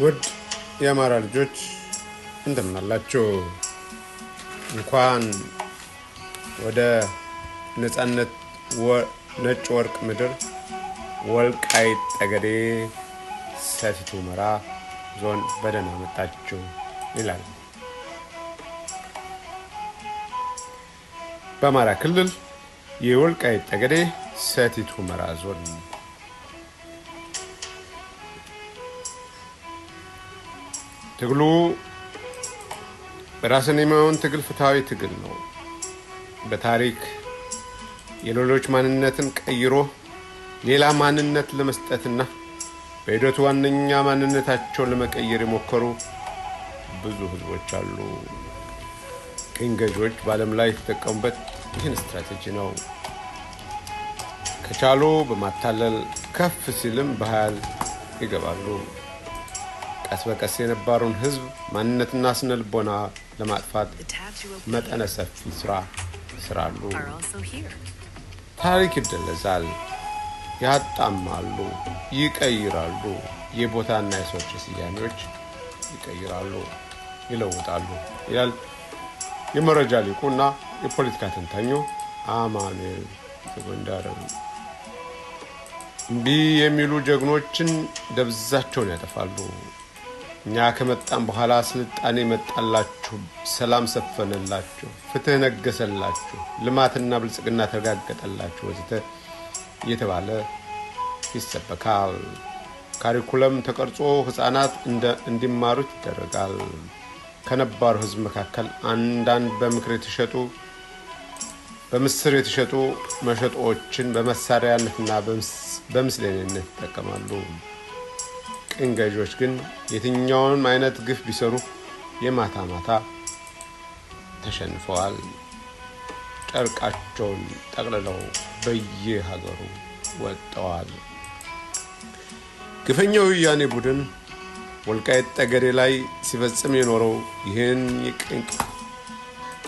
ውድ የአማራ ልጆች እንደምናላችሁ እንኳን ወደ ነጻነት ነጭ ወርቅ ምድር ወልቃይት ጠገዴ ሰቲት ሁመራ ዞን በደህና መጣችሁ ይላል። በአማራ ክልል የወልቃይት ጠገዴ ሰቲት ሁመራ ዞን ትግሉ በራስን የማየውን ትግል ፍትሐዊ ትግል ነው። በታሪክ የሌሎች ማንነትን ቀይሮ ሌላ ማንነት ለመስጠትና በሂደቱ ዋነኛ ማንነታቸውን ለመቀየር የሞከሩ ብዙ ህዝቦች አሉ። ቅኝ ገዢዎች በዓለም ላይ የተጠቀሙበት ይህን ስትራቴጂ ነው። ከቻሉ በማታለል ከፍ ሲልም በኃይል ይገባሉ። ቀስ በቀስ የነባረውን ህዝብ ማንነትና ስነ ልቦና ለማጥፋት መጠነ ሰፊ ስራ ይስራሉ። ታሪክ ይደለዛል፣ ያጣማሉ፣ ይቀይራሉ። የቦታና የሰዎች ስያሜዎች ይቀይራሉ፣ ይለውጣሉ ይላል የመረጃ ሊቁ እና የፖለቲካ ተንታኙ አማኑኤል ጎንዳር። እምቢ የሚሉ ጀግኖችን ደብዛቸውን ያጠፋሉ። እኛ ከመጣን በኋላ ስልጣኔ መጣላችሁ፣ ሰላም ሰፈነላችሁ፣ ፍትህ ነገሰላችሁ፣ ልማትና ብልጽግና ተረጋገጠላችሁ ወዘተ እየተባለ ይሰበካል። ካሪኩለም ተቀርጾ ህፃናት እንዲማሩት ይደረጋል። ከነባሩ ህዝብ መካከል አንዳንድ በምክር የተሸጡ በምስር የተሸጡ መሸጦችን በመሳሪያነትና በምስሌነት ይጠቀማሉ። ቅን ገዢዎች ግን የትኛውንም አይነት ግፍ ቢሰሩ የማታ ማታ ተሸንፈዋል። ጨርቃቸውን ጠቅልለው በየሀገሩ ወጥተዋል። ግፈኛው ውያኔ ቡድን ወልቃይት ጠገዴ ላይ ሲፈጽም የኖረው ይህን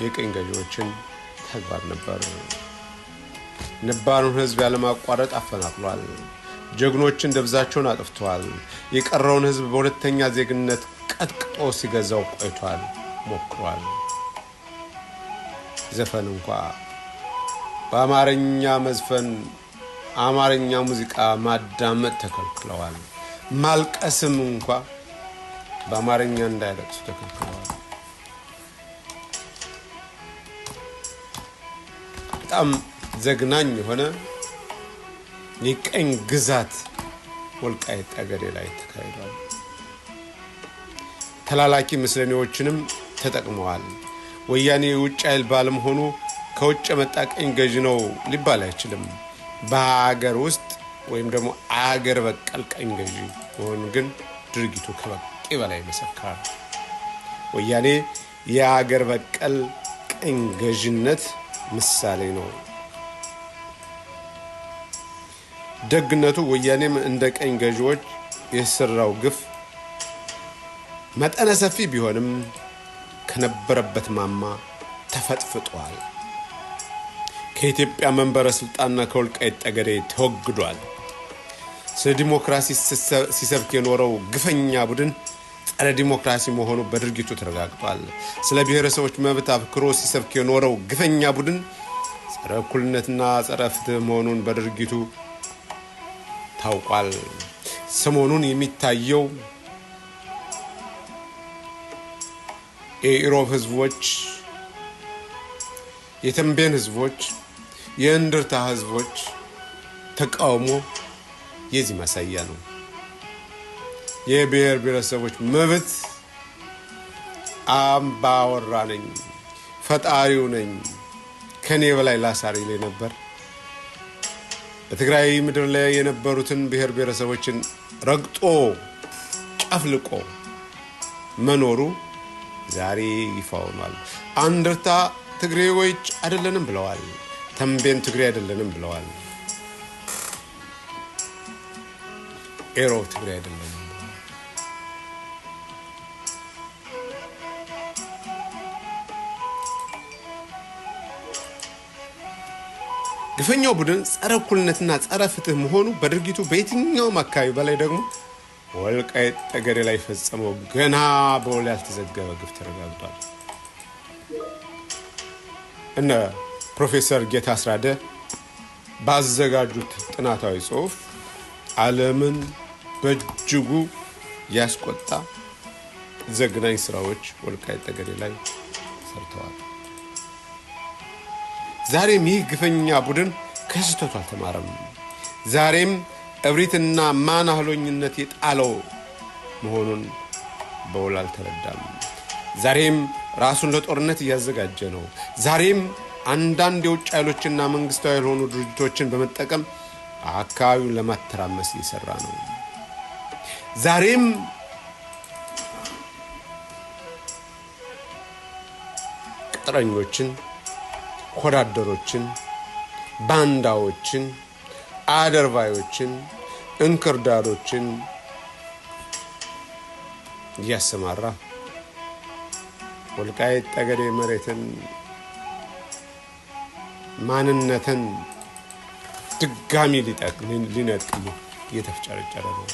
የቅኝ ገዢዎችን ተግባር ነበር። ነባሩን ሕዝብ ያለማቋረጥ አፈናቅሏል። ጀግኖችን ደብዛቸውን አጥፍተዋል። የቀረውን ሕዝብ በሁለተኛ ዜግነት ቀጥቅጦ ሲገዛው ቆይቷል፣ ሞክሯል። ዘፈን እንኳ በአማርኛ መዝፈን፣ አማርኛ ሙዚቃ ማዳመጥ ተከልክለዋል። ማልቀስም እንኳ በአማርኛ እንዳይለቅሱ ተከልክለዋል። በጣም ዘግናኝ የሆነ የቀኝ ግዛት ወልቃይት ጠገዴ ላይ ተካሂዷል። ተላላኪ ምስለኔዎችንም ተጠቅመዋል። ወያኔ የውጭ ኃይል ባለመሆኑ ከውጭ የመጣ ቀኝ ገዢ ነው ሊባል አይችልም። በሀገር ውስጥ ወይም ደግሞ አገር በቀል ቀኝ ገዢ መሆኑ ግን ድርጊቱ ከበቂ በላይ መሰክራል። ወያኔ የአገር በቀል ቀኝ ገዥነት ምሳሌ ነው። ደግነቱ ወያኔም እንደ ቀኝ ገዢዎች የሰራው ግፍ መጠነ ሰፊ ቢሆንም ከነበረበት ማማ ተፈጥፍጧል። ከኢትዮጵያ መንበረ ስልጣንና ከወልቃይት ጠገዴ ተወግዷል። ስለ ዲሞክራሲ ሲሰብክ የኖረው ግፈኛ ቡድን ጸረ ዲሞክራሲ መሆኑ በድርጊቱ ተረጋግጧል። ስለ ብሔረሰቦች መብት አብክሮ ሲሰብክ የኖረው ግፈኛ ቡድን ጸረ እኩልነትና ጸረ ፍትህ መሆኑን በድርጊቱ ታውቋል። ሰሞኑን የሚታየው የኢሮብ ህዝቦች፣ የተንቤን ህዝቦች፣ የእንድርታ ህዝቦች ተቃውሞ የዚህ ማሳያ ነው። የብሔር ብሔረሰቦች መብት አምባወራ ነኝ፣ ፈጣሪው ነኝ፣ ከኔ በላይ ላሳር ይለኝ ነበር በትግራይ ምድር ላይ የነበሩትን ብሔር ብሔረሰቦችን ረግጦ ጨፍልቆ መኖሩ ዛሬ ይፋ ሆኗል። አንድርታ ትግሬዎች አይደለንም ብለዋል። ተምቤን ትግሬ አይደለንም ብለዋል። ኤሮ ትግሬ አይደለንም ግፈኛው ቡድን ጸረ እኩልነትና ጸረ ፍትህ መሆኑ በድርጊቱ በየትኛውም አካባቢ በላይ ደግሞ ወልቃይት ጠገዴ ላይ ፈጸመው ገና በውል ያልተዘገበ ግፍ ተረጋግጧል። እነ ፕሮፌሰር ጌታ አስራደ ባዘጋጁት ጥናታዊ ጽሁፍ ዓለምን በእጅጉ ያስቆጣ ዘግናኝ ስራዎች ወልቃይት ጠገዴ ላይ ሰርተዋል። ዛሬም ይህ ግፈኛ ቡድን ከስህተቱ አልተማረም። ዛሬም እብሪትና ማናህሎኝነት የጣለው መሆኑን በውል አልተረዳም። ዛሬም ራሱን ለጦርነት እያዘጋጀ ነው። ዛሬም አንዳንድ የውጭ ኃይሎችና መንግሥታዊ ያልሆኑ ድርጅቶችን በመጠቀም አካባቢውን ለማተራመስ እየሰራ ነው። ዛሬም ቅጥረኞችን ሆዳደሮችን፣ ባንዳዎችን፣ አደርባዮችን፣ እንክርዳዶችን እያሰማራ ወልቃይት ጠገዴ መሬትን ማንነትን ድጋሚ ሊነጥቅ እየተፍጨረጨረ ነው።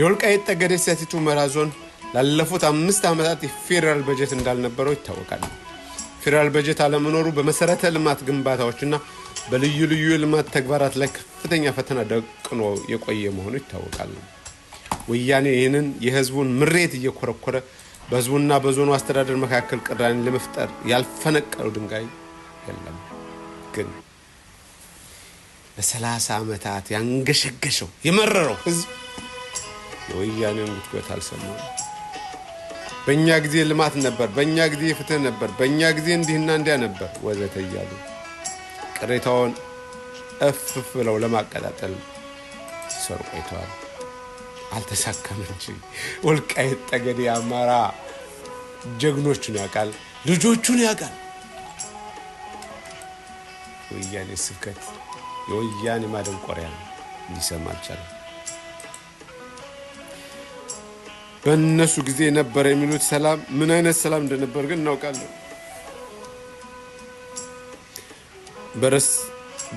የወልቃይት ጠገዴ ሰቲት ሁመራ ዞን ላለፉት አምስት ዓመታት የፌዴራል በጀት እንዳልነበረው ይታወቃል። ፌዴራል በጀት አለመኖሩ በመሰረተ ልማት ግንባታዎችና በልዩ ልዩ የልማት ተግባራት ላይ ከፍተኛ ፈተና ደቅኖ የቆየ መሆኑ ይታወቃል። ወያኔ ይህንን የህዝቡን ምሬት እየኮረኮረ በህዝቡና በዞኑ አስተዳደር መካከል ቅራኔን ለመፍጠር ያልፈነቀለው ድንጋይ የለም። ግን ለሰላሳ ዓመታት ያንገሸገሸው የመረረው ህዝብ የወያኔን ጉትጎት አልሰማም። በእኛ ጊዜ ልማት ነበር፣ በእኛ ጊዜ ፍትህ ነበር፣ በእኛ ጊዜ እንዲህና እንዲያ ነበር ወዘተ እያሉ ቅሬታውን እፍፍ ብለው ለማቀጣጠል ሰሩ ቆይተዋል። አልተሳካም እንጂ ወልቃይት ጠገዴ አማራ ጀግኖቹን ያውቃል፣ ልጆቹን ያውቃል። የወያኔ ስብከት የወያኔ ማደንቆሪያ ሊሰማ አልቻለም። በእነሱ ጊዜ ነበር የሚሉት ሰላም ምን አይነት ሰላም እንደነበር ግን እናውቃለን።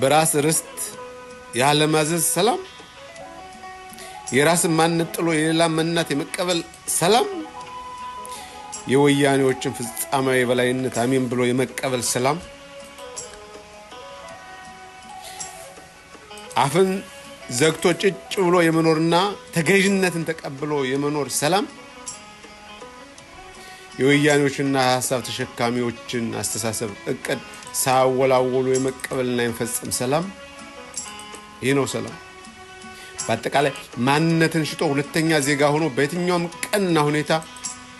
በራስ ርስት ያለማዘዝ ሰላም፣ የራስን ማንነት ጥሎ የሌላ መናት የመቀበል ሰላም፣ የወያኔዎችን ፍጻማ የበላይነት አሜን ብሎ የመቀበል ሰላም አፍን ዘግቶ ጭጭ ብሎ የመኖርና ተገዥነትን ተቀብሎ የመኖር ሰላም የወያኔዎችና ሀሳብ ተሸካሚዎችን አስተሳሰብ እቅድ ሳያወላወሉ የመቀበልና የመፈጸም ሰላም ይህ ነው ሰላም። በአጠቃላይ ማንነትን ሽጦ ሁለተኛ ዜጋ ሆኖ በየትኛውም ቀንና ሁኔታ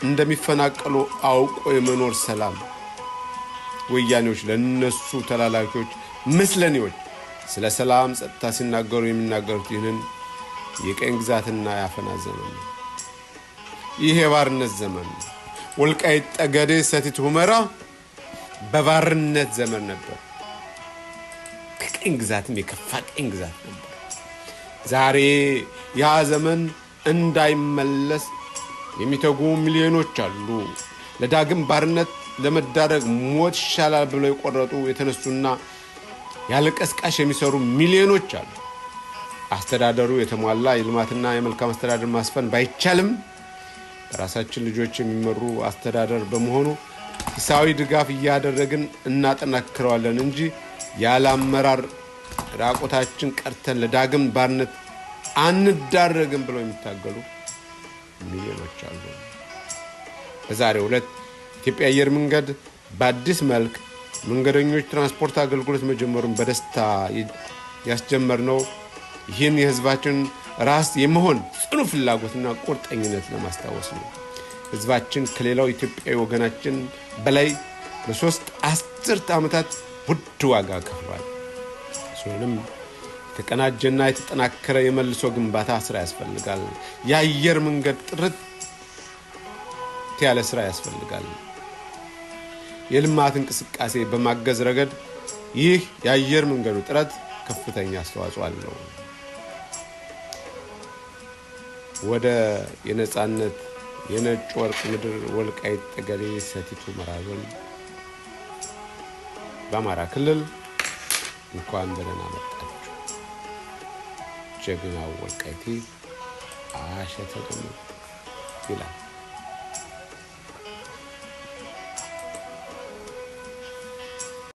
እንደሚፈናቀሉ አውቆ የመኖር ሰላም። ወያኔዎች ለነሱ ተላላኪዎች፣ ምስለኔዎች ስለ ሰላም ጸጥታ ሲናገሩ የሚናገሩት ይህንን የቀኝ ግዛትና ያፈና ዘመን ነው። ይህ የባርነት ዘመን ነው። ወልቃይት ጠገዴ፣ ሰቲት ሁመራ በባርነት ዘመን ነበር። ከቀኝ ግዛትም የከፋ ቀኝ ግዛት ነበር። ዛሬ ያ ዘመን እንዳይመለስ የሚተጉ ሚሊዮኖች አሉ። ለዳግም ባርነት ለመዳረግ ሞት ይሻላል ብለው የቆረጡ የተነሱና ያለ ቀስቃሽ የሚሰሩ ሚሊዮኖች አሉ። አስተዳደሩ የተሟላ የልማትና የመልካም አስተዳደር ማስፈን ባይቻልም በራሳችን ልጆች የሚመሩ አስተዳደር በመሆኑ ሂሳዊ ድጋፍ እያደረግን እናጠናክረዋለን እንጂ ያለ አመራር ራቆታችን ቀርተን ለዳግም ባርነት አንዳረግም ብለው የሚታገሉ ሚሊዮኖች አሉ። በዛሬው ዕለት ኢትዮጵያ አየር መንገድ በአዲስ መልክ መንገደኞች ትራንስፖርት አገልግሎት መጀመሩን በደስታ ያስጀመር ነው ይህን የህዝባችን ራስ የመሆን ጽኑ ፍላጎትና ቁርጠኝነት ለማስታወስ ነው። ህዝባችን ከሌላው ኢትዮጵያዊ ወገናችን በላይ ለሶስት አስርት ዓመታት ውድ ዋጋ ከፍሏል። ሲሆንም የተቀናጀና የተጠናከረ የመልሶ ግንባታ ስራ ያስፈልጋል። የአየር መንገድ ጥርት ያለ ስራ ያስፈልጋል። የልማት እንቅስቃሴ በማገዝ ረገድ ይህ የአየር መንገዱ ጥረት ከፍተኛ አስተዋጽኦ አለው። ወደ የነፃነት የነጭ ወርቅ ምድር ወልቃይት ጠገዴ ሰቲቱ መራዞን በአማራ ክልል እንኳን በደህና መጣችሁ። ጀግናው ወልቃይቴ አሸተገመ ይላል።